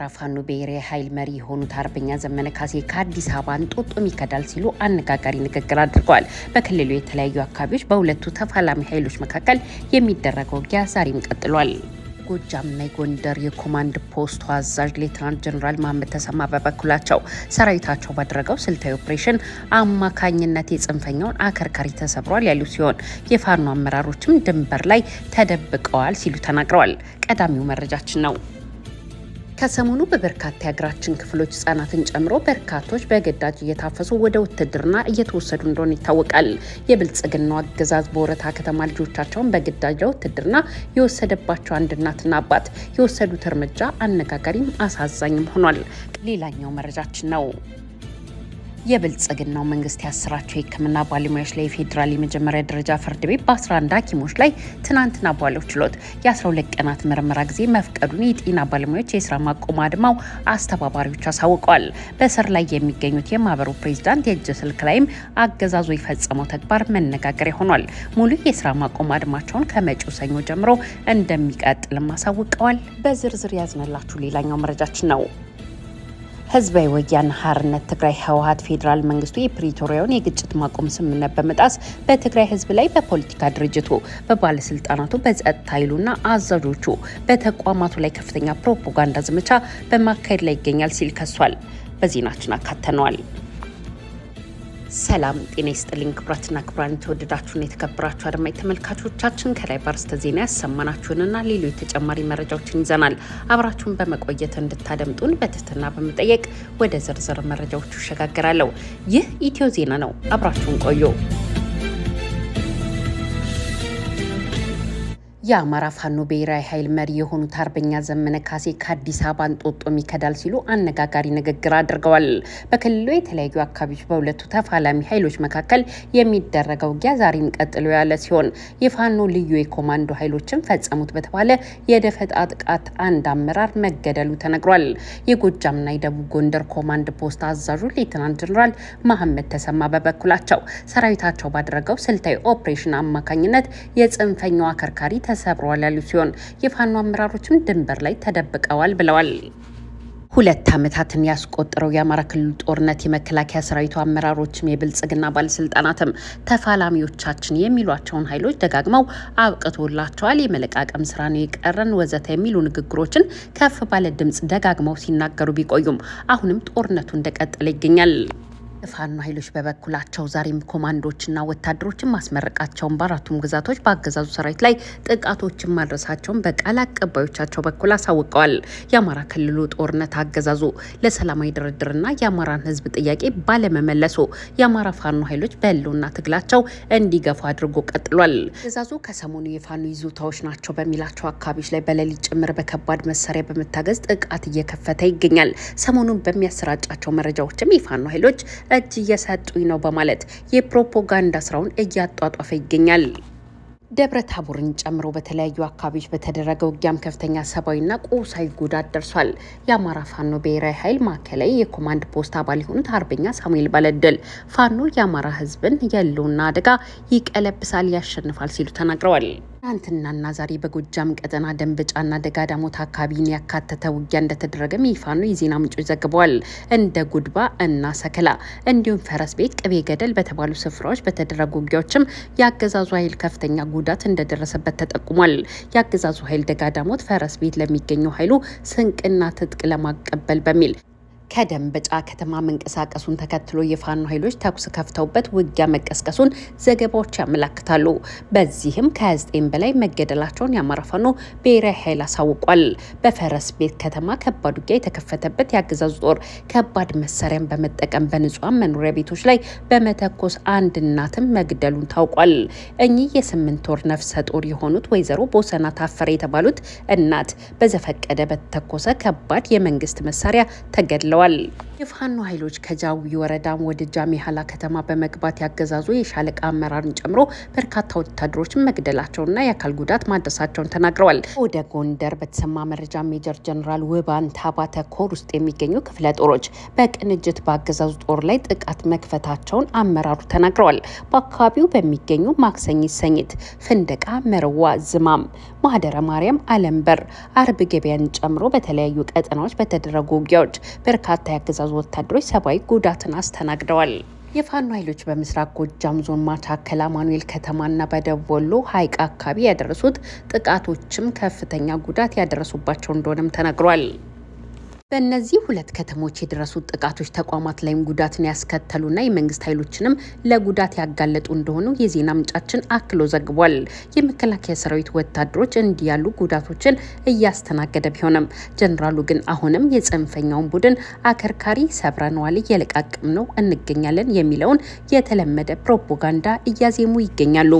የአማራ ፋኖ ብሔራዊ ኃይል መሪ የሆኑት አርበኛ ዘመነ ካሴ ከአዲስ አበባ እንጦጦም ይከዳል ሲሉ አነጋጋሪ ንግግር አድርገዋል። በክልሉ የተለያዩ አካባቢዎች በሁለቱ ተፋላሚ ኃይሎች መካከል የሚደረገው ውጊያ ዛሬም ቀጥሏል። ጎጃም የጎንደር የኮማንድ ፖስቱ አዛዥ ሌትናንት ጀኔራል መሀመድ ተሰማ በበኩላቸው ሰራዊታቸው ባደረገው ስልታዊ ኦፕሬሽን አማካኝነት የጽንፈኛውን አከርካሪ ተሰብሯል ያሉ ሲሆን የፋኖ አመራሮችም ድንበር ላይ ተደብቀዋል ሲሉ ተናግረዋል። ቀዳሚው መረጃችን ነው። ከሰሞኑ በበርካታ የሀገራችን ክፍሎች ህጻናትን ጨምሮ በርካቶች በግዳጅ እየታፈሱ ወደ ውትድርና እየተወሰዱ እንደሆነ ይታወቃል። የብልጽግናው አገዛዝ በወረታ ከተማ ልጆቻቸውን በግዳጅ ውትድርና የወሰደባቸው አንድ እናትና አባት የወሰዱት እርምጃ አነጋጋሪም አሳዛኝም ሆኗል። ሌላኛው መረጃችን ነው። የብልጽግናው መንግስት ያሰራቸው የሕክምና ባለሙያዎች ላይ የፌዴራል የመጀመሪያ ደረጃ ፍርድ ቤት በ11 ሐኪሞች ላይ ትናንትና ባለው ችሎት የ12 ቀናት ምርመራ ጊዜ መፍቀዱን የጤና ባለሙያዎች የስራ ማቆም አድማው አስተባባሪዎች አሳውቀዋል። በስር ላይ የሚገኙት የማህበሩ ፕሬዚዳንት የእጅ ስልክ ላይም አገዛዙ የፈጸመው ተግባር መነጋገሪያ ሆኗል። ሙሉ የስራ ማቆም አድማቸውን ከመጪው ሰኞ ጀምሮ እንደሚቀጥልም አሳውቀዋል። በዝርዝር ያዝነላችሁ ሌላኛው መረጃችን ነው። ህዝባዊ ወያነ ሓርነት ትግራይ ህወሓት ፌዴራል መንግስቱ የፕሪቶሪያውን የግጭት ማቆም ስምምነት በመጣስ በትግራይ ህዝብ ላይ በፖለቲካ ድርጅቱ፣ በባለስልጣናቱ፣ በጸጥታ ኃይሉና አዛዦቹ፣ በተቋማቱ ላይ ከፍተኛ ፕሮፓጋንዳ ዘመቻ በማካሄድ ላይ ይገኛል ሲል ከሷል። በዜናችን አካተነዋል። ሰላም ጤና ይስጥልኝ ክቡራትና ክቡራን የተወደዳችሁን የተከበራችሁ አድማጭ ተመልካቾቻችን ከላይ በአርዕስተ ዜና ያሰማናችሁንና ሌሎች ተጨማሪ መረጃዎችን ይዘናል። አብራችሁን በመቆየት እንድታደምጡን በትህትና በመጠየቅ ወደ ዝርዝር መረጃዎቹ እሸጋገራለሁ። ይህ ኢትዮ ዜና ነው። አብራችሁን ቆዩ። የአማራ ፋኖ ብሔራዊ ኃይል መሪ የሆኑት አርበኛ ዘመነ ካሴ ከአዲስ አበባ እንጦጦም ይከዳል ሲሉ አነጋጋሪ ንግግር አድርገዋል። በክልሉ የተለያዩ አካባቢዎች በሁለቱ ተፋላሚ ኃይሎች መካከል የሚደረገው ውጊያ ዛሬም ቀጥሎ ያለ ሲሆን የፋኖ ልዩ የኮማንዶ ኃይሎችን ፈጸሙት በተባለ የደፈጣ ጥቃት አንድ አመራር መገደሉ ተነግሯል። የጎጃምና የደቡብ ጎንደር ኮማንድ ፖስት አዛዡ ሌትናንት ጀኔራል መሐመድ ተሰማ በበኩላቸው ሰራዊታቸው ባደረገው ስልታዊ ኦፕሬሽን አማካኝነት የጽንፈኛው አከርካሪ ተሰብሯል ያሉ ሲሆን የፋኖ አመራሮችም ድንበር ላይ ተደብቀዋል ብለዋል። ሁለት ዓመታትን ያስቆጠረው የአማራ ክልል ጦርነት የመከላከያ ሰራዊቱ አመራሮችም የብልጽግና ባለስልጣናትም ተፋላሚዎቻችን የሚሏቸውን ኃይሎች ደጋግመው አብቅቶላቸዋል፣ የመለቃቀም ስራ ነው የቀረን፣ ወዘተ የሚሉ ንግግሮችን ከፍ ባለ ድምፅ ደጋግመው ሲናገሩ ቢቆዩም አሁንም ጦርነቱ እንደቀጠለ ይገኛል። ፋኖ ኃይሎች በበኩላቸው ዛሬም ኮማንዶችና ወታደሮችን ማስመረቃቸውን በአራቱም ግዛቶች በአገዛዙ ሰራዊት ላይ ጥቃቶችን ማድረሳቸውን በቃል አቀባዮቻቸው በኩል አሳውቀዋል። የአማራ ክልሉ ጦርነት አገዛዙ ለሰላማዊ ድርድርና የአማራን ሕዝብ ጥያቄ ባለመመለሱ የአማራ ፋኖ ኃይሎች በህልውና ትግላቸው እንዲገፉ አድርጎ ቀጥሏል። አገዛዙ ከሰሞኑ የፋኖ ይዞታዎች ናቸው በሚላቸው አካባቢዎች ላይ በሌሊት ጭምር በከባድ መሳሪያ በመታገዝ ጥቃት እየከፈተ ይገኛል። ሰሞኑን በሚያሰራጫቸው መረጃዎችም የፋኖ ኃይሎች እጅ እየሰጡኝ ነው በማለት የፕሮፓጋንዳ ስራውን እያጧጧፈ ይገኛል። ደብረ ታቦርን ጨምሮ በተለያዩ አካባቢዎች በተደረገ ውጊያም ከፍተኛ ሰብአዊና ቁሳዊ ጉዳት ደርሷል። የአማራ ፋኖ ብሔራዊ ኃይል ማዕከላዊ የኮማንድ ፖስት አባል የሆኑት አርበኛ ሳሙኤል ባለደል ፋኖ የአማራ ሕዝብን የሕልውና አደጋ ይቀለብሳል፣ ያሸንፋል ሲሉ ተናግረዋል። ትናንትናና ዛሬ በጎጃም ቀጠና ደንበጫና ደጋዳሞት አካባቢን ያካተተ ውጊያ እንደተደረገም ይፋ ነው የዜና ምንጮች ዘግበዋል። እንደ ጉድባ እና ሰከላ እንዲሁም ፈረስ ቤት፣ ቅቤ ገደል በተባሉ ስፍራዎች በተደረጉ ውጊያዎችም የአገዛዙ ኃይል ከፍተኛ ጉዳት እንደደረሰበት ተጠቁሟል። የአገዛዙ ኃይል ደጋዳሞት ፈረስ ቤት ለሚገኘው ኃይሉ ስንቅና ትጥቅ ለማቀበል በሚል ከደንበጫ ከተማ መንቀሳቀሱን ተከትሎ የፋኖ ኃይሎች ተኩስ ከፍተውበት ውጊያ መቀስቀሱን ዘገባዎች ያመላክታሉ። በዚህም ከ29 በላይ መገደላቸውን የአማራ ፋኖ ብሔራዊ ኃይል አሳውቋል። በፈረስ ቤት ከተማ ከባድ ውጊያ የተከፈተበት የአገዛዙ ጦር ከባድ መሳሪያን በመጠቀም በንጹሐን መኖሪያ ቤቶች ላይ በመተኮስ አንድ እናትም መግደሉን ታውቋል። እኚህ የስምንት ወር ነፍሰ ጡር የሆኑት ወይዘሮ ቦሰና ታፈረ የተባሉት እናት በዘፈቀደ በተተኮሰ ከባድ የመንግስት መሳሪያ ተገድለዋል። ብለዋል። የፋኖ ኃይሎች ከጃዊ ወረዳም ወደ ጃሜሃላ ከተማ በመግባት ያገዛዙ የሻለቃ አመራርን ጨምሮ በርካታ ወታደሮች መግደላቸውና የአካል ጉዳት ማድረሳቸውን ተናግረዋል። ወደ ጎንደር በተሰማ መረጃ ሜጀር ጀኔራል ውባንታ ታባተ ኮር ውስጥ የሚገኙ ክፍለ ጦሮች በቅንጅት በአገዛዙ ጦር ላይ ጥቃት መክፈታቸውን አመራሩ ተናግረዋል። በአካባቢው በሚገኙ ማክሰኝ ሰኝት፣ ፍንደቃ፣ መርዋ፣ ዝማም፣ ማህደረ ማርያም፣ አለምበር፣ አርብ ገበያን ጨምሮ በተለያዩ ቀጠናዎች በተደረጉ ውጊያዎች በርካ በርካታ የአገዛዙ ወታደሮች ሰብአዊ ጉዳትን አስተናግደዋል። የፋኖ ኃይሎች በምስራቅ ጎጃም ዞን ማቻከል አማኑኤል ከተማና በደቡብ ወሎ ሀይቅ አካባቢ ያደረሱት ጥቃቶችም ከፍተኛ ጉዳት ያደረሱባቸው እንደሆነም ተነግሯል። በእነዚህ ሁለት ከተሞች የደረሱት ጥቃቶች ተቋማት ላይም ጉዳትን ያስከተሉና የመንግስት ኃይሎችንም ለጉዳት ያጋለጡ እንደሆኑ የዜና ምንጫችን አክሎ ዘግቧል። የመከላከያ ሰራዊት ወታደሮች እንዲህ ያሉ ጉዳቶችን እያስተናገደ ቢሆንም ጀኔራሉ ግን አሁንም የጽንፈኛውን ቡድን አከርካሪ ሰብረነዋል፣ እየለቃቅም ነው እንገኛለን የሚለውን የተለመደ ፕሮፓጋንዳ እያዜሙ ይገኛሉ።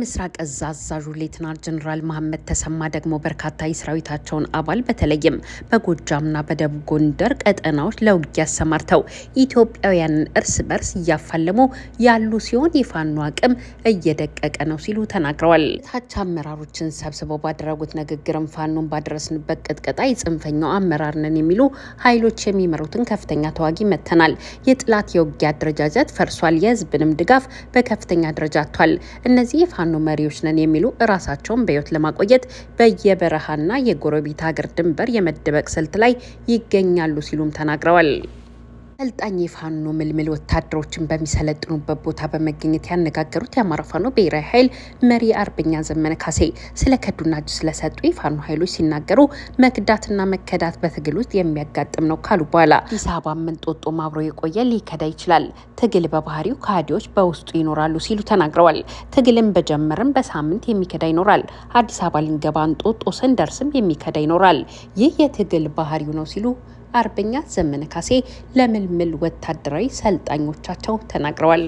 ምስራቅ እዝ አዛዡ ሌትናል ጀኔራል መሐመድ ተሰማ ደግሞ በርካታ የሰራዊታቸውን አባል በተለይም በጎጃምና በደቡብ ጎንደር ቀጠናዎች ለውጊያ አሰማርተው ኢትዮጵያውያንን እርስ በርስ እያፋለሙ ያሉ ሲሆን የፋኖ አቅም እየደቀቀ ነው ሲሉ ተናግረዋል። ታች አመራሮችን ሰብስበው ባደረጉት ንግግርም ፋኖን ባደረስንበት ቅጥቀጣ የጽንፈኛው አመራር ነን የሚሉ ኃይሎች የሚመሩትን ከፍተኛ ተዋጊ መተናል። የጥላት የውጊያ አደረጃጀት ፈርሷል። የህዝብንም ድጋፍ በከፍተኛ ደረጃ አጥቷል። እነዚህ የፋኖ መሪዎች ነን የሚሉ እራሳቸውን በህይወት ለማቆየት በየበረሃና የጎረቤት ሀገር ድንበር የመደበቅ ስልት ላይ ይገኛሉ ሲሉም ተናግረዋል። አሰልጣኝ የፋኖ ምልምል ወታደሮችን በሚሰለጥኑበት ቦታ በመገኘት ያነጋገሩት የአማራ ፋኖ ብሔራዊ ኃይል መሪ አርበኛ ዘመነ ካሴ ስለ ከዱና እጅ ስለሰጡ የፋኖ ኃይሎች ሲናገሩ መክዳትና መከዳት በትግል ውስጥ የሚያጋጥም ነው ካሉ በኋላ አዲስ አበባ ምንጦጦ አብሮ የቆየ ሊከዳ ይችላል። ትግል በባህሪው ከሃዲዎች በውስጡ ይኖራሉ ሲሉ ተናግረዋል። ትግልን በጀመርም በሳምንት የሚከዳ ይኖራል። አዲስ አበባ ልንገባ እንጦጦ ስንደርስም የሚከዳ ይኖራል። ይህ የትግል ባህሪው ነው ሲሉ አርበኛ ዘመነ ካሴ ለምልምል ወታደራዊ ሰልጣኞቻቸው ተናግረዋል።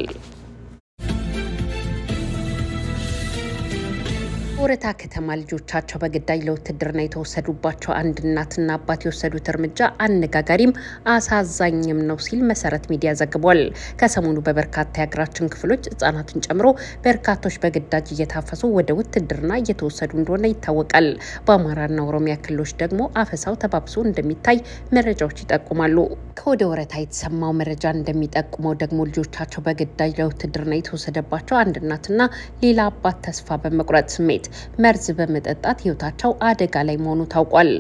ወረታ ከተማ ልጆቻቸው በግዳይ ለውትድርና የተወሰዱባቸው አንድ እናትና አባት የወሰዱት እርምጃ አነጋጋሪም አሳዛኝም ነው ሲል መሰረት ሚዲያ ዘግቧል። ከሰሞኑ በበርካታ የሀገራችን ክፍሎች ህጻናትን ጨምሮ በርካቶች በግዳጅ እየታፈሱ ወደ ውትድርና እየተወሰዱ እንደሆነ ይታወቃል። በአማራና ኦሮሚያ ክልሎች ደግሞ አፈሳው ተባብሶ እንደሚታይ መረጃዎች ይጠቁማሉ። ከወደ ወረታ የተሰማው መረጃ እንደሚጠቁመው ደግሞ ልጆቻቸው በግዳጅ ለውትድርና የተወሰደባቸው አንድ እናትና ሌላ አባት ተስፋ በመቁረጥ ስሜት መርዝ በመጠጣት ህይወታቸው አደጋ ላይ መሆኑ ታውቋል።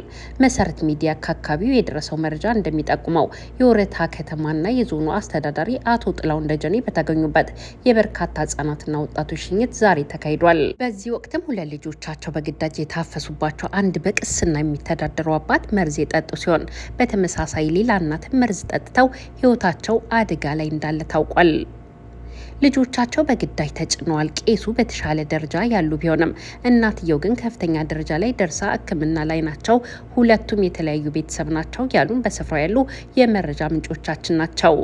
መሰረት ሚዲያ ከአካባቢው የደረሰው መረጃ እንደሚጠቁመው የወረታ ከተማና የዞኑ አስተዳዳሪ አቶ ጥላሁን ደጀኔ በተገኙበት የበርካታ ህጻናትና ወጣቶች ሽኝት ዛሬ ተካሂዷል። በዚህ ወቅትም ሁለት ልጆቻቸው በግዳጅ የታፈሱባቸው አንድ በቅስና የሚተዳደሩ አባት መርዝ የጠጡ ሲሆን በተመሳሳይ ሌላ እናት መርዝ ጠጥተው ህይወታቸው አደጋ ላይ እንዳለ ታውቋል። ልጆቻቸው በግዳይ ተጭነዋል። ቄሱ በተሻለ ደረጃ ያሉ ቢሆንም እናትየው ግን ከፍተኛ ደረጃ ላይ ደርሳ ሕክምና ላይ ናቸው። ሁለቱም የተለያዩ ቤተሰብ ናቸው ያሉን በስፍራው ያሉ የመረጃ ምንጮቻችን ናቸው።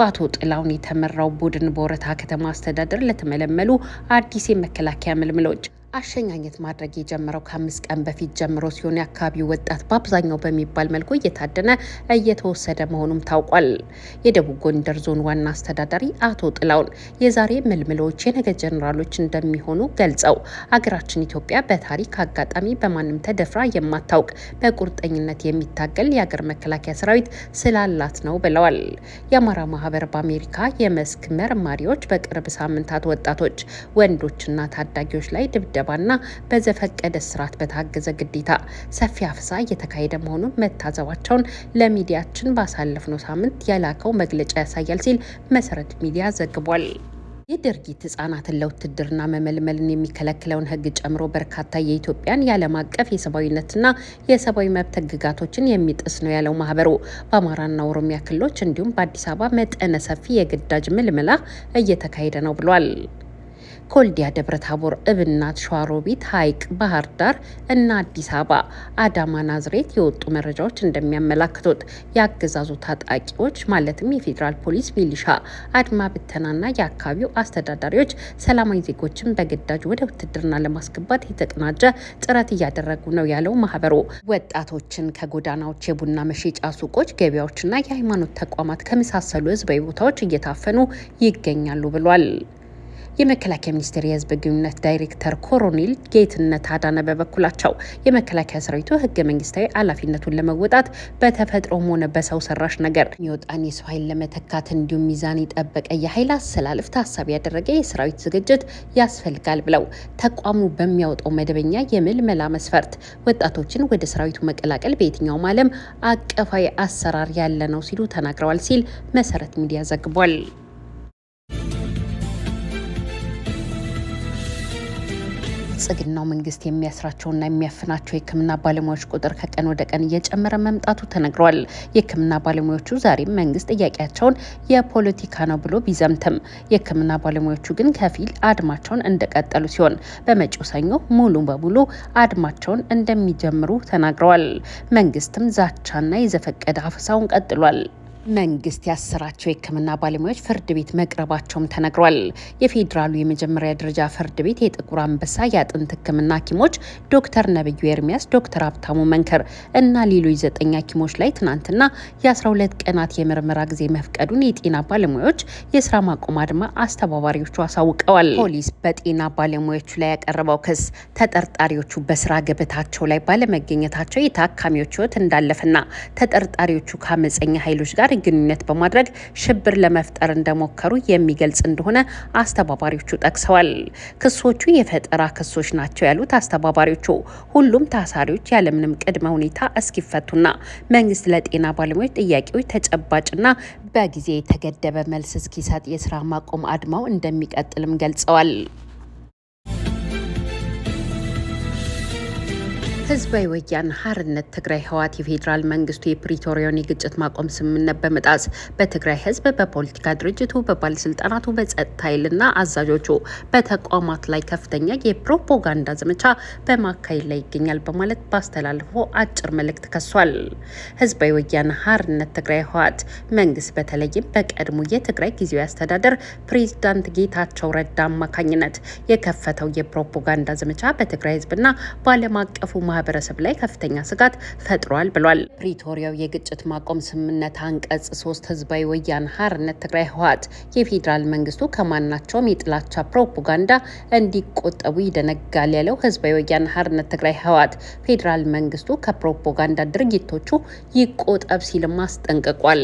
በአቶ ጥላሁን የተመራው ቡድን በወረታ ከተማ አስተዳደር ለተመለመሉ አዲስ የመከላከያ ምልምሎች አሸኛኘት ማድረግ የጀመረው ከአምስት ቀን በፊት ጀምሮ ሲሆን የአካባቢው ወጣት በአብዛኛው በሚባል መልኩ እየታደነ እየተወሰደ መሆኑም ታውቋል። የደቡብ ጎንደር ዞን ዋና አስተዳዳሪ አቶ ጥላውን የዛሬ ምልምሎች የነገ ጀኔራሎች እንደሚሆኑ ገልጸው አገራችን ኢትዮጵያ በታሪክ አጋጣሚ በማንም ተደፍራ የማታውቅ በቁርጠኝነት የሚታገል የአገር መከላከያ ሰራዊት ስላላት ነው ብለዋል። የአማራ ማህበር በአሜሪካ የመስክ መርማሪዎች በቅርብ ሳምንታት ወጣቶች፣ ወንዶችና ታዳጊዎች ላይ ድብደ ድብደባና በዘፈቀደ ስርዓት በታገዘ ግዴታ ሰፊ አፍሳ እየተካሄደ መሆኑን መታዘባቸውን ለሚዲያችን ባሳለፍነው ሳምንት የላከው መግለጫ ያሳያል ሲል መሰረት ሚዲያ ዘግቧል። ይህ ድርጊት ህጻናትን ለውትድርና መመልመልን የሚከለክለውን ህግ ጨምሮ በርካታ የኢትዮጵያን የዓለም አቀፍ የሰብአዊነትና የሰብአዊ መብት ህግጋቶችን የሚጥስ ነው ያለው ማህበሩ በአማራና ኦሮሚያ ክልሎች እንዲሁም በአዲስ አበባ መጠነ ሰፊ የግዳጅ ምልመላ እየተካሄደ ነው ብሏል። ኮልዲያ፣ ደብረታቦር፣ እብናት፣ ሸዋሮቢት፣ ሀይቅ፣ ባህር ዳር እና አዲስ አበባ፣ አዳማ፣ ናዝሬት የወጡ መረጃዎች እንደሚያመላክቱት የአገዛዙ ታጣቂዎች ማለትም የፌዴራል ፖሊስ፣ ሚሊሻ፣ አድማ ብተናና የአካባቢው አስተዳዳሪዎች ሰላማዊ ዜጎችን በግዳጅ ወደ ውትድርና ለማስገባት የተቀናጀ ጥረት እያደረጉ ነው ያለው ማህበሩ ወጣቶችን ከጎዳናዎች፣ የቡና መሸጫ ሱቆች፣ ገበያዎችና የሃይማኖት ተቋማት ከመሳሰሉ ህዝባዊ ቦታዎች እየታፈኑ ይገኛሉ ብሏል። የመከላከያ ሚኒስቴር የህዝብ ግንኙነት ዳይሬክተር ኮሎኔል ጌትነት አዳነ በበኩላቸው የመከላከያ ሰራዊቱ ህገ መንግስታዊ ኃላፊነቱን ለመወጣት በተፈጥሮም ሆነ በሰው ሰራሽ ነገር የሚወጣን የሰው ኃይል ለመተካት እንዲሁም ሚዛን የጠበቀ የኃይል አሰላለፍ ታሳቢ ያደረገ የሰራዊት ዝግጅት ያስፈልጋል ብለው ተቋሙ በሚያወጣው መደበኛ የምልመላ መስፈርት ወጣቶችን ወደ ሰራዊቱ መቀላቀል በየትኛውም ዓለም አቀፋዊ አሰራር ያለ ነው ሲሉ ተናግረዋል ሲል መሰረት ሚዲያ ዘግቧል። የብልጽግናው መንግስት የሚያስራቸውና የሚያፍናቸው የህክምና ባለሙያዎች ቁጥር ከቀን ወደ ቀን እየጨመረ መምጣቱ ተነግሯል። የህክምና ባለሙያዎቹ ዛሬም መንግስት ጥያቄያቸውን የፖለቲካ ነው ብሎ ቢዘምትም የህክምና ባለሙያዎቹ ግን ከፊል አድማቸውን እንደቀጠሉ ሲሆን በመጪው ሰኞ ሙሉ በሙሉ አድማቸውን እንደሚጀምሩ ተናግረዋል። መንግስትም ዛቻና የዘፈቀደ አፈሳውን ቀጥሏል። መንግስት ያሰራቸው የሕክምና ባለሙያዎች ፍርድ ቤት መቅረባቸውም ተነግሯል። የፌዴራሉ የመጀመሪያ ደረጃ ፍርድ ቤት የጥቁር አንበሳ የአጥንት ህክምና ሐኪሞች ዶክተር ነብዩ ኤርሚያስ፣ ዶክተር ሀብታሙ መንከር እና ሌሎች ዘጠኝ ሐኪሞች ላይ ትናንትና የ12 ቀናት የምርመራ ጊዜ መፍቀዱን የጤና ባለሙያዎች የስራ ማቆም አድማ አስተባባሪዎቹ አሳውቀዋል። ፖሊስ በጤና ባለሙያዎቹ ላይ ያቀረበው ክስ ተጠርጣሪዎቹ በስራ ገበታቸው ላይ ባለመገኘታቸው የታካሚዎች ህይወት እንዳለፈና ተጠርጣሪዎቹ ከአመፀኛ ኃይሎች ጋር ግንኙነት በማድረግ ሽብር ለመፍጠር እንደሞከሩ የሚገልጽ እንደሆነ አስተባባሪዎቹ ጠቅሰዋል። ክሶቹ የፈጠራ ክሶች ናቸው ያሉት አስተባባሪዎቹ ሁሉም ታሳሪዎች ያለምንም ቅድመ ሁኔታ እስኪፈቱና መንግስት ለጤና ባለሙያዎች ጥያቄዎች ተጨባጭና በጊዜ የተገደበ መልስ እስኪሰጥ የስራ ማቆም አድማው እንደሚቀጥልም ገልጸዋል። ህዝባዊ ወያነ ሓርነት ትግራይ ህወሓት የፌዴራል መንግስቱ የፕሪቶሪያውን የግጭት ማቆም ስምምነት በመጣስ በትግራይ ህዝብ፣ በፖለቲካ ድርጅቱ፣ በባለስልጣናቱ፣ በጸጥታ ኃይልና አዛዦቹ በተቋማት ላይ ከፍተኛ የፕሮፓጋንዳ ዘመቻ በማካሄድ ላይ ይገኛል በማለት ባስተላልፎ አጭር መልእክት ከሷል። ህዝባዊ ወያነ ሓርነት ትግራይ ህወሓት መንግስት በተለይም በቀድሞ የትግራይ ጊዜያዊ አስተዳደር ፕሬዚዳንት ጌታቸው ረዳ አማካኝነት የከፈተው የፕሮፓጋንዳ ዘመቻ በትግራይ ህዝብና በዓለም አቀፉ ማህበረሰብ ላይ ከፍተኛ ስጋት ፈጥሯል ብሏል። ፕሪቶሪያው የግጭት ማቆም ስምምነት አንቀጽ ሶስት ህዝባዊ ወያነ ሓርነት ትግራይ ህወሓት የፌዴራል መንግስቱ ከማናቸውም የጥላቻ ፕሮፓጋንዳ እንዲቆጠቡ ይደነጋል ያለው ህዝባዊ ወያነ ሓርነት ትግራይ ህወሓት ፌዴራል መንግስቱ ከፕሮፓጋንዳ ድርጊቶቹ ይቆጠብ ሲልም አስጠንቅቋል።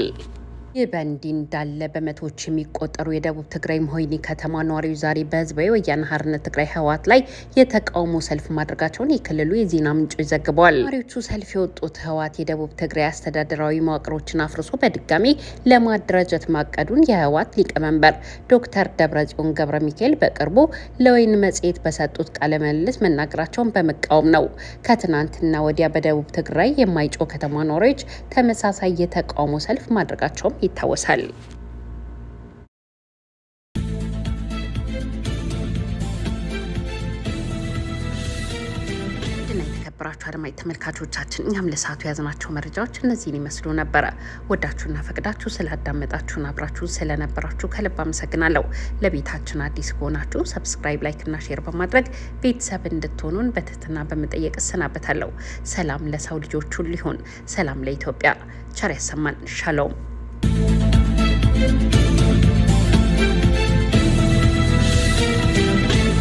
ይህ በእንዲህ እንዳለ በመቶዎች የሚቆጠሩ የደቡብ ትግራይ መሆይኒ ከተማ ነዋሪዎች ዛሬ በህዝባዊ ወያነ ሓርነት ትግራይ ህወሓት ላይ የተቃውሞ ሰልፍ ማድረጋቸውን የክልሉ የዜና ምንጮች ዘግበዋል። ነዋሪዎቹ ሰልፍ የወጡት ህወሓት የደቡብ ትግራይ አስተዳደራዊ መዋቅሮችን አፍርሶ በድጋሚ ለማደራጀት ማቀዱን የህወሓት ሊቀመንበር ዶክተር ደብረጽዮን ገብረ ሚካኤል በቅርቡ ለወይን መጽሔት በሰጡት ቃለ ምልልስ መናገራቸውን በመቃወም ነው። ከትናንትና ወዲያ በደቡብ ትግራይ የማይጮ ከተማ ነዋሪዎች ተመሳሳይ የተቃውሞ ሰልፍ ማድረጋቸውም ይታወሳል። የተከበራችሁ አድማጭ ተመልካቾቻችን እኛም ለሰዓቱ የያዝናቸው መረጃዎች እነዚህን ይመስሉ ነበረ። ወዳችሁና ፈቅዳችሁ ስላዳመጣችሁን አብራችሁ ስለነበራችሁ ከልብ አመሰግናለሁ። ለቤታችን አዲስ ከሆናችሁ ሰብስክራይብ፣ ላይክና ሼር በማድረግ ቤተሰብ እንድትሆኑን በትህትና በመጠየቅ እሰናበታለሁ። ሰላም ለሰው ልጆች ሁሉ ይሁን። ሰላም ለኢትዮጵያ። ቸር ያሰማን። ሻሎም Thank you.